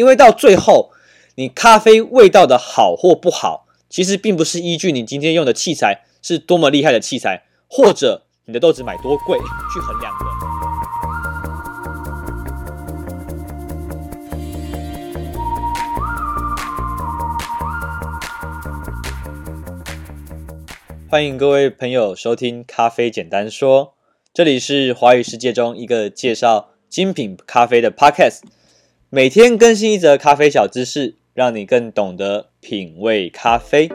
因為到最後，你咖啡味道的好或不好，其實並不是依據你今天用的器材是多麼厲害的器材，或者你的豆子買多貴去衡量的。歡迎各位朋友收聽《咖啡簡單說》，這裡是華語世界中一個介紹精品咖啡的 Podcast。每天更新一則咖啡小知識，讓你更懂得品味咖啡。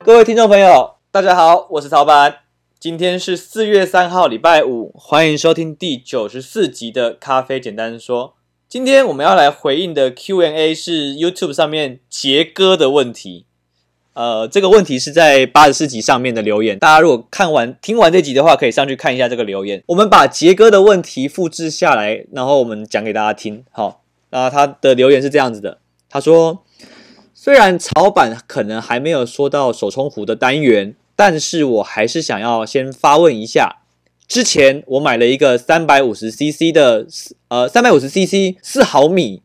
各位聽眾朋友，大家好，我是曹凡，今天是四月三號，禮拜五，歡迎收聽第九十四集的《咖啡簡單說》。今天我們要來回應的 Q&A 是 YouTube 上面傑哥的問題。呃，這個問題是在八十四集上面的留言。大家如果看完、聽完這集的話，可以上去看一下這個留言。我們把傑哥的問題複製下來，然後我們講給大家聽。好，那他的留言是這樣子的：他說，雖然草版可能還沒有說到手沖壺的單元，但是我還是想要先發問一下。之前我買了一個三百五十 CC 的，呃，三百五十 CC 四毫米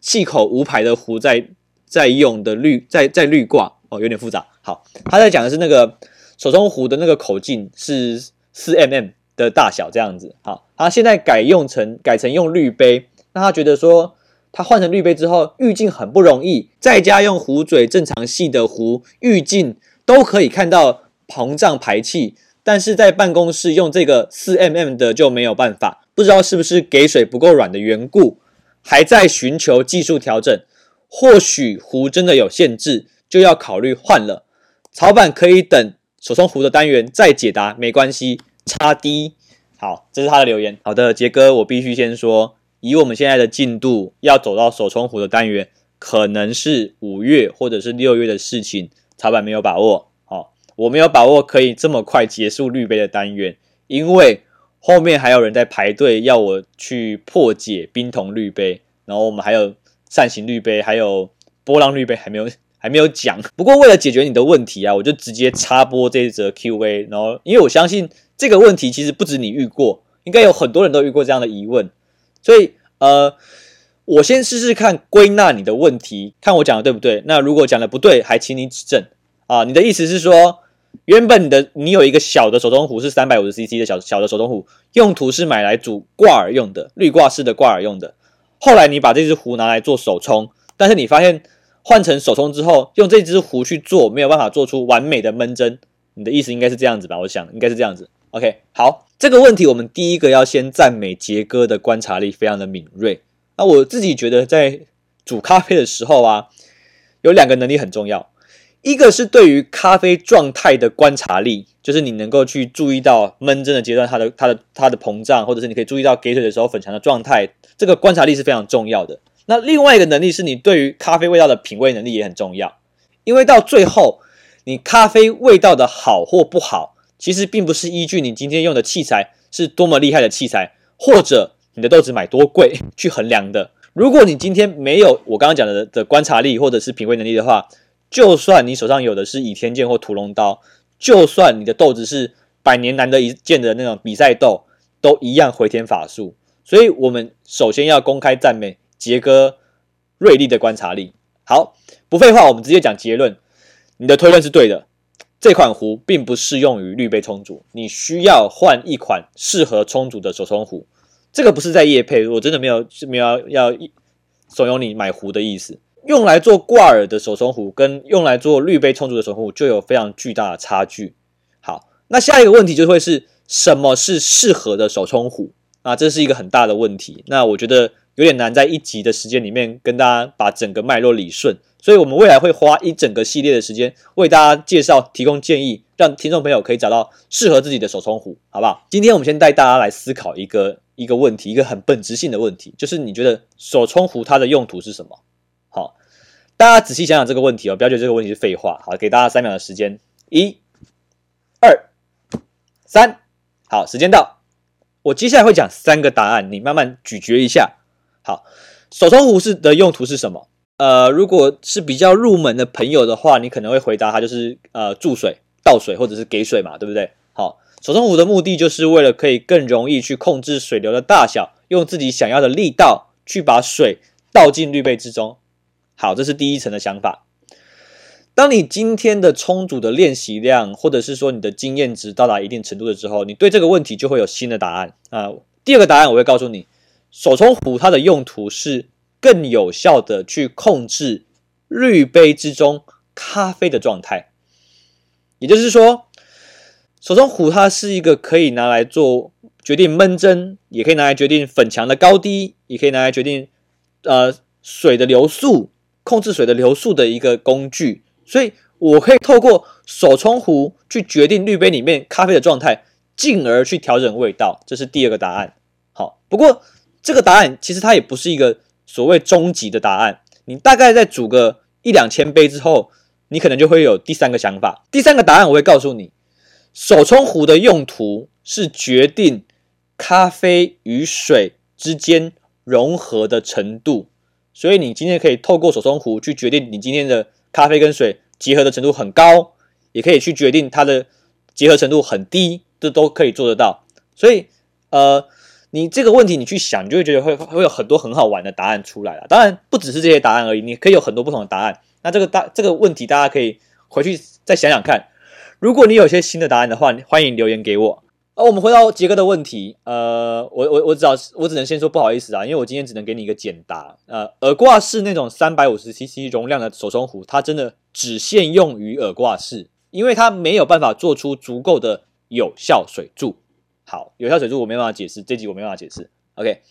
細口無牌的壺在，在在用的濾在在濾掛。哦，有點複雜。好，他在講的是那個手沖壺的那個口徑是四 mm 的大小，這樣子。好，他現在改用成改成用濾杯，那他覺得說他換成濾杯之後濾鏡很不容易。在家用壺嘴正常細的壺濾鏡都可以看到膨脹排氣，但是在辦公室用這個四 mm 的就沒有辦法。不知道是不是給水不夠軟的緣故，還在尋求技術調整。或許壺真的有限制。就要考慮換了，草板可以等手沖壺的單元再解答，沒關係，差低。好，這是他的留言。好的，傑哥，我必須先說，以我們現在的進度，要走到手沖壺的單元，可能是五月或者是六月的事情。草板沒有把握，好，我沒有把握可以這麼快結束濾杯的單元，因為後面還有人在排隊要我去破解冰桶濾杯，然後我們還有扇形濾杯，還有波浪濾杯還沒有。還沒有講，不過為了解決你的問題啊，我就直接插播這一則 Q&A。然後，因為我相信這個問題其實不止你遇過，應該有很多人都遇過這樣的疑問，所以呃，我先試試看歸納你的問題，看我講的對不對。那如果講的不對，還請你指正啊、呃。你的意思是說，原本你的你有一個小的手沖壺是三百五十 CC 的小小的手沖壺，用途是買來煮掛耳用的濾掛式的掛耳用的。後來你把這只壺拿來做手沖，但是你發現。換成手沖之後，用這只壺去做，沒有辦法做出完美的悶蒸。你的意思應該是這樣子吧？我想應該是這樣子。OK，好，這個問題我們第一個要先讚美傑哥的觀察力非常的敏銳。那我自己覺得在煮咖啡的時候啊，有兩個能力很重要，一個是對於咖啡狀態的觀察力，就是你能夠去注意到悶蒸的階段它的，它的它的它的膨脹，或者是你可以注意到給水的時候粉牆的狀態，這個觀察力是非常重要的。那另外一個能力是你對於咖啡味道的品味能力也很重要，因為到最後，你咖啡味道的好或不好，其實並不是依據你今天用的器材是多麼厲害的器材，或者你的豆子買多貴去衡量的。如果你今天沒有我剛剛講的的觀察力或者是品味能力的話，就算你手上有的是倚天劍或屠龍刀，就算你的豆子是百年難得一見的那種比賽豆，都一樣回天乏術。所以，我們首先要公開讚美。傑哥銳利的觀察力，好，不廢話，我們直接講結論。你的推論是對的，這款壺並不適用於濾杯沖煮，你需要換一款適合沖煮的手沖壺。這個不是在業配，我真的沒有是沒有要要慫恿你買壺的意思。用來做掛耳的手沖壺跟用來做濾杯沖煮的手沖壺就有非常巨大的差距。好，那下一個問題就會是什麼是適合的手沖壺啊？這是一個很大的問題。那我覺得。有點難，在一集的時間裡面跟大家把整個脈絡理順，所以我們未來會花一整個系列的時間為大家介紹、提供建議，讓聽眾朋友可以找到適合自己的手沖壺，好不好？今天我們先帶大家來思考一個一個問題，一個很本質性的問題，就是你覺得手沖壺它的用途是什麼？好，大家仔細想想這個問題哦，不要覺得這個問題是廢話。好，給大家三秒的時間，一、二、三，好，時間到。我接下來會講三個答案，你慢慢咀嚼一下。好，手沖壺是的用途是什麼？呃，如果是比較入門的朋友的話，你可能會回答他就是呃注水、倒水或者是給水嘛，對不對？好，手沖壺的目的就是為了可以更容易去控制水流的大小，用自己想要的力道去把水倒進濾杯之中。好，這是第一層的想法。當你今天的充足的練習量，或者是說你的經驗值到達一定程度的時候，你對這個問題就會有新的答案啊，呃，第二個答案我會告訴你。手沖壺它的用途是更有效的去控制濾杯之中咖啡的狀態，也就是說，手沖壺它是一個可以拿來做決定悶蒸，也可以拿來決定粉牆的高低，也可以拿來決定呃水的流速，控制水的流速的一個工具。所以，我可以透過手沖壺去決定濾杯裡面咖啡的狀態，進而去調整味道。這是第二個答案。好，不過。這個答案其實它也不是一個所謂終極的答案。你大概在煮個一兩千杯之後，你可能就會有第三個想法。第三個答案我會告訴你，手沖壺的用途是決定咖啡與水之間融合的程度。所以你今天可以透過手沖壺去決定你今天的咖啡跟水結合的程度很高，也可以去決定它的結合程度很低，這都可以做得到。所以，呃。你這個問題你去想，你就會覺得會會有很多很好玩的答案出來了。當然不只是這些答案而已，你可以有很多不同的答案。那這個大，這個問題大家可以回去再想想看。如果你有些新的答案的話，歡迎留言給我。呃、哦，我們回到傑哥的問題，呃，我我我只好我只能先說不好意思啊，因為我今天只能給你一個簡答。呃，耳掛式那種三百五十 cc 容量的手沖壺，它真的只限用於耳掛式，因為它沒有辦法做出足夠的有效水柱。好，有效水柱我沒辦法解釋，這集我沒辦法解釋。OK，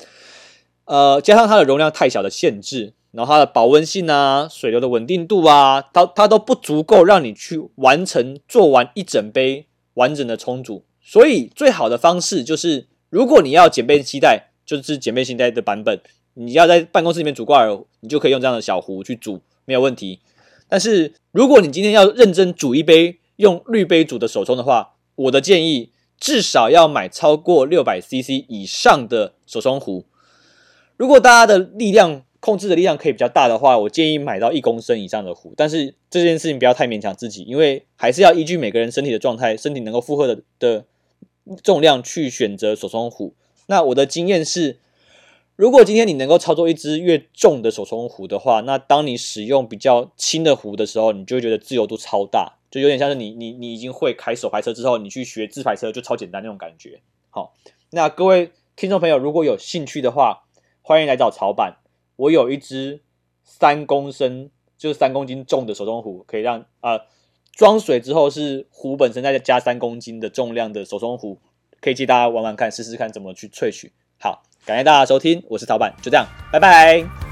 呃，加上它的容量太小的限制，然後它的保溫性啊、水流的穩定度啊，它它都不足夠讓你去完成做完一整杯完整的沖煮。所以最好的方式就是，如果你要簡便攜帶，就是簡便攜帶的版本，你要在辦公室裡面煮掛耳，你就可以用這樣的小壺去煮，沒有問題。但是如果你今天要認真煮一杯用濾杯煮的手沖的話，我的建議。至少要買超過六百 CC 以上的手沖壺。如果大家的力量控制的力量可以比較大的話，我建議買到一公升以上的壺。但是這件事情不要太勉強自己，因為還是要依據每個人身體的狀態、身體能夠負荷的的重量去選擇手沖壺。那我的經驗是，如果今天你能夠操作一隻越重的手沖壺的話，那當你使用比較輕的壺的時候，你就會覺得自由度超大。就有點像是你你你已經會開手排車之後，你去學自排車就超簡單那種感覺。好，哦，那各位聽眾朋友如果有興趣的話，歡迎來找曹板，我有一隻三公升，就是三公斤重的手沖壺，可以讓呃裝水之後是壺本身再加三公斤的重量的手沖壺，可以借大家玩玩看，試試看怎麼去萃取。好，感謝大家收聽，我是曹板，就這樣，拜拜。